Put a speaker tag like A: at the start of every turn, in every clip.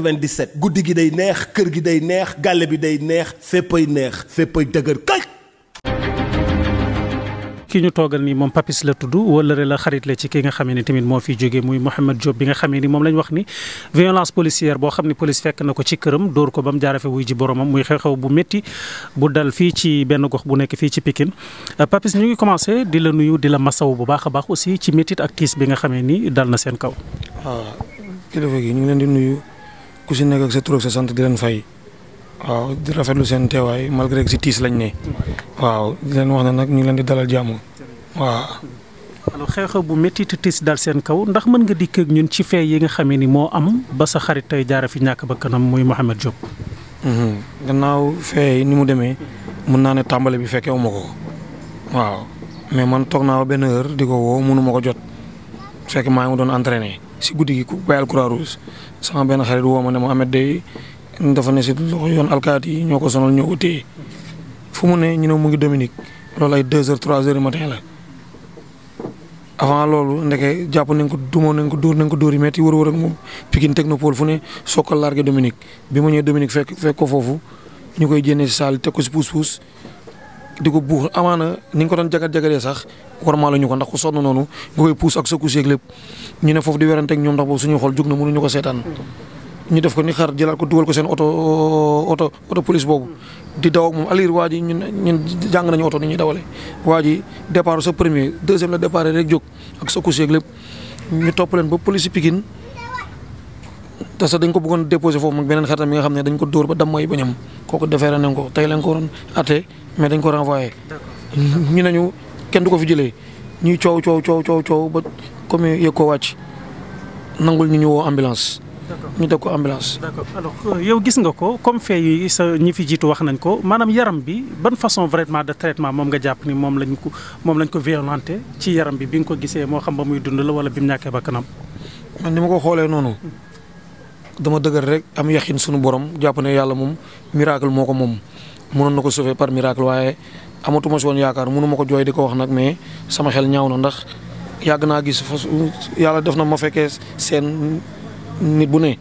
A: 97 guddi gi day neex kër gi day neex gàlle bi day neex féppay neex féppay
B: dëgër kay ki ñu toogal nii moom Papis la tudd wëllëre la xarit la ci ki nga xamee ni tamit moo fi jógee muy Mouhamed Diop bi nga xamee ni moom lañ wax ni violence policière boo xam ne police fekk na ko ci këram dóor ko ba mu jaarafe wuy ji boromam muy xew-xew bu métti bu dal fii ci benn gox bu nekk fii ci Pikine euh, Papis ñu ngi commencé di la nuyu di la masaw bu baax a baax aussi ci métit ak tiis bi nga xamee ni dal na seen kaw. Ah, ku si nekk sa tur sa sant di leen fay waaw di rafetlu seen teewaay malgré que si tiis lañ ne waaw
C: di leen wax ne nag ñu ngi leen di dalal jàmm
B: waaw. xew-xew bu métti te tiis dal seen kaw ndax mën nga dikk ak ñun ci fee yi nga xamee ni moo am ba sa xarit tey jaara fi ñàkk ba kanam muy Mouhamed Diop. Mhm. gannaaw fee ni mu demee
C: mën naa ne tàmbali bi fekke uma ko waaw mais man toog naa benn heure di ko woo mënu ko jot fekk maa ngi doon entraîné. si guddi gi bayal croix rouge sama benn xarit woo ma ne ma Ameth day dafa ne si loxo yoon alkaati yi ñoo ko sonal ñoo ko téye fu mu ne ñu ne mu ngi Dominique loolu ay deux heures trois heures du matin la. avant loolu ndeke jàpp nañ ko dumoo nañ ko dóor nañ ko dóor yi metti wër wër ak moom Pikine technopole fu ne soog ko largué Dominique bi ma ñëwee Dominique fekk fekk ko foofu ñu koy génnee si saal teg ko si puus puus di ko buux amaana ni nga ko doon jagat jagatee sax war maa ñu ko ndax ku sonn noonu nga koy puus ak sa couche lépp ñu ne foofu di werante ak ñoom ndax boobu suñuy xool jug na mënuñu ko seetaan. ñu def ko ni xar jëlaat ko dugal ko seen oto oto oto police boobu di daw moom alir waa ji ñun ñun jàng nañu oto ni ñuy dawalee. waa ji départ sa premier deuxième la départ rek jóg ak sa couche yeeg lépp ñu topp leen ba police Pikine te sax dañ ko bëggoon déposé foofu moom beneen xaritam mi nga xam ne dañ ko dóor ba dam mooy bañam kooku ko tey lañ ko waroon atte dañ ko renvoyé. ñu ne kenn du ko fi jëlee ñuy coow coow coow coow
B: coow ba comme yëg ko wàcc nangul ñu ñu woo ambulance. ñu def ko ambulance. alors euh, yow gis nga ko comme fee sa ñi fi jiitu wax nañ ko maanaam yaram bi ban façon vraitement de traitement moom nga jàpp ni moom lañ ko moom lañ ko violenté ci yaram bi bi nga ko gisee moo xam ba muy dund la wala bi mu ñàkkee ba kanam.
C: man ni ma ko xoolee noonu. Hmm. dama dëgër rek am yaxin sunu borom jàpp ne yàlla moom miracle moo ko moom mënoon na ko sauver par miracle waaye amatuma si woon yaakaar mënu ma ko jooy di ko wax nag mais sama xel ñaaw na ndax yàgg naa gis fas yàlla def na ma fekkee seen nit bu ne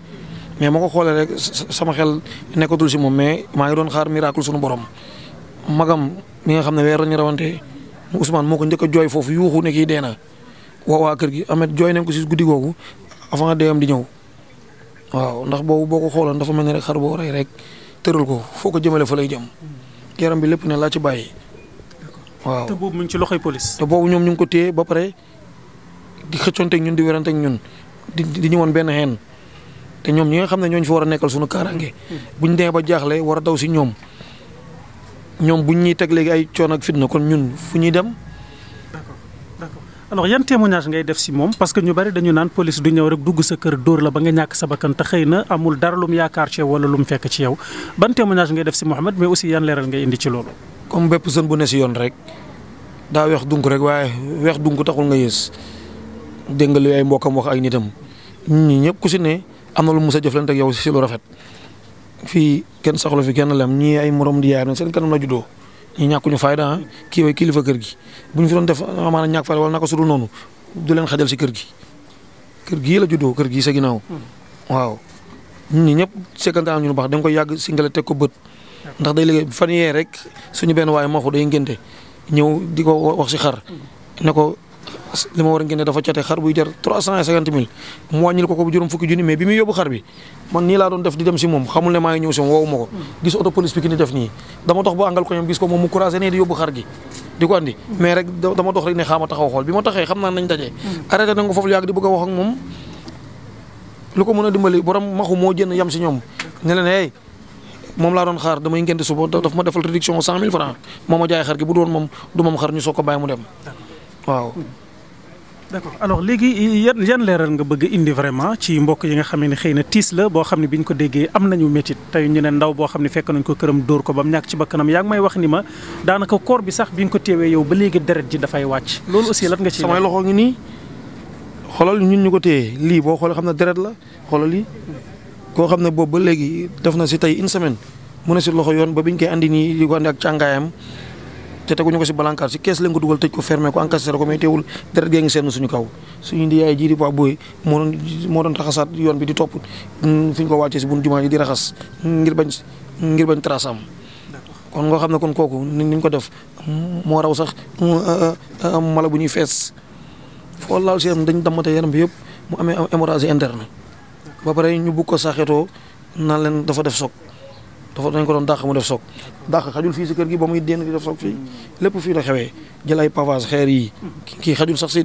C: mais ma ko xoolee rek sama xel nekkatul si moom mais maa ngi doon xaar miracle sunu borom magam mi nga xam ne weer lañu rawante Ousmane moo ko njëkk jooy foofu yuuxu ne kii dee na waa waa kër gi Ameth jooy nañ ko si guddi googu avant deewam di ñëw waaw ndax boobu boo ko xooloon dafa ma ni rek xar boo rey rek tëral ko foo ko jëmale fa lay jëm yaram bi lépp ne laa ci bàyyi. waaw te boobu ci loxoy police. te boobu ñoom ñu ngi ko téye ba pare di xëccoonteeg ñun di weranteeg ñun di di ñëwoon benn xeen te ñoom ñi nga xam ne ñooñu fi war a nekkal suñu kaaraange. Hmm. buñ demee ba jaaxle war a daw si ñoom ñoom
B: buñ ñuy teg léegi ay coono ak fitna kon ñun fu ñuy dem. alors yan témoignage ngay def si moom parce que ñu bari dañu naan police du ñëw rek dugg sa kër dóor la ba nga ñàkk sa bakkan te xëy na amul dara lu mu yaakaar ci yow wala lu fekk ci yow ban témoignage ngay def si Mouhamed mais aussi yan leeral ngay indi ci loolu. comme bépp sën bu ne si yoon rek daa weex dunk rek waaye weex dunk taxul nga yées
C: dégg nga li ay mbokkam wax ay nitam ñi ñëpp ku si ne am na lu mu sa jëflante ak yow si lu rafet fii kenn soxla fi kenn lam ñii ay morom di yaay seen kanam la juddoo ñu ñàkkuñu fayda ah kii way kilifa kër gi bu ñu fi doon def amaana ñàkk fayda wala naka su noonu du leen xajal si kër gi kër gii la juddoo kër gi gii sa ginnaaw hmm. waaw ñun ñi ñëpp sekkante am ñu lu baax da nga koy yàgg si ngale teg ko bët hmm. ndax day liggéey fan yee rek suñu benn waaye maxu day ngénte ñëw di ko wax si xar
B: hmm.
C: ne li ma war a génne dafa cote xar buy jar trois cent mille mu wàññil ko ko bu juróom fukki junni mais bi muy yóbbu xar bi man nii laa doon def di dem si moom xamul ne maa ñëw si moom mm. a wax ak moom lu moo jënd yam si ñoom ne leen hey laa doon xaar damay ngénte suba daf ma defal réduction cent mille francs moo ma jaay xar gi bu doon moom du moom xar ñu soog ko bàyyi mu dem waaw mm.
B: d'accord alors léegi yan yan leeral nga bëgg indi vraiment ci mbokk yi nga xam ne xëy na tiis la boo xam ne bi ñu ko déggee am nañu métit tey ñu ne ndaw boo xam ne fekk nañ ko këram dóor ko ba mu ñàkk ci bakkanam yaa ngi may wax ni ma daanaka koor bi sax bi ñu ko téewee yow ba léegi deret ji dafay wàcc loolu aussi lan nga ci samay loxo ngi nii xoolal ñun ñu ko téye lii boo xoolee xam ne deret la xoolal lii
C: koo xam ne boobu ba léegi def na si tey une semaine mu ne si loxo yoon ba biñ koy andi nii ko andi càngaayam te teguñu ko si balankaar si kees lañ ko dugal tëj ko fermé ko encastré ko mais teewul deret gee ngi seen suñu kaw suñu ndi yaay ji di Pape Boye moo doon moo yoon bi di topp mm, fi ñu ko wàccee si bunt jumaa ji di raxas ngir bañ ngir bañ trace am kon nga xam ne kon kooku ni ñu ko def moo raw sax euh, euh, mala bu ñuy fees foo laal si yaram dañ dammate yaram bi yëpp mu amee hémorragie interne ba pare ñu bugg ko saxeetoo naan leen dafa def soog dafa dañ ko doon dàq mu def soog dàq xajul fii si kër gi ba muy dénn di def soog fii lépp fii la xewee jël ay xeer yi kii xajul sax si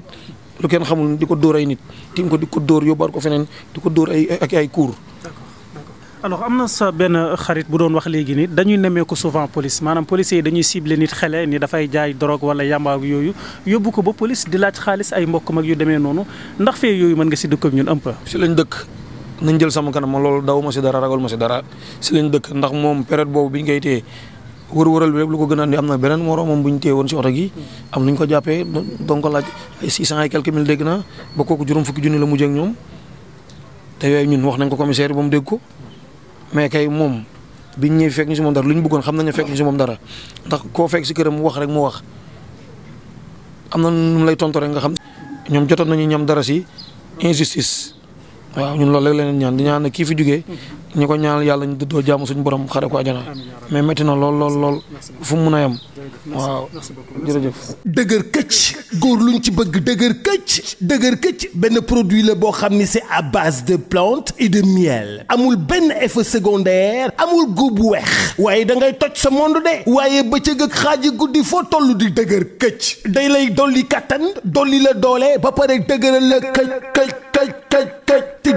B: lu kenn xamul di ko dóor ay nit tiim ko di ko dóor yóbbaat ko feneen di ko dóor ay ak ay kuur alors am na sa benn xarit bu doon wax léegi ni dañuy nemmee ko souvent police maanaam policiers yi dañuy ciblé nit xele ni dafay jaay drogue wala yàmbaaw yooyu yóbbu ko ba police di laaj xaalis ay mbokk mag yu demee noonu ndax yooyu mën nga si dëkk ak ñun un dëkk nañ jël sama kanam ma loolu daw
C: ma si dara ragal ma si dara si lañ dëkk ndax moom période boobu biñ koy téye wër bi lu ko gën a andi am na beneen moroomam bu woon oto ko jàppee donc ko laaj ay six cent et quelques mille dégg naa ba kooku juróom fukki la mujjee ak ñoom te yooyu ñun wax nañ ko commissaire ba mu dégg ko mais kay moom biñ ñëw fekk si moom lu ñu bëggoon xam nañ ne fekk ñu si ndax koo fekk si këram mu wax rek mu wax am na lay tontu rek nga xam ñoom jotoon nañu ñam dara si injustice waaw ñun loolu rek leneen ñaan di ñaan ne kii fi jugee mhm. ñu ko ñaan yàlla ñu dëddoo jàmm suñu borom xare ko àjjana mais métti lool lool lool fu mu mën a yem waaw jërëjëf. dëgër këcc góor ñu ci bëgg dëgër këcc
A: dëgër këcc benn produit la boo xam ni c'est à base de plantes et de miel amul benn effet secondaire amul góob bu weex waaye da ngay toj sa monde de waaye bëccëg ak xaaj guddi foo toll di dëgër këcc day lay dolli kattan dolli la doole ba pare dëgëral la këcc këcc këcc këcc.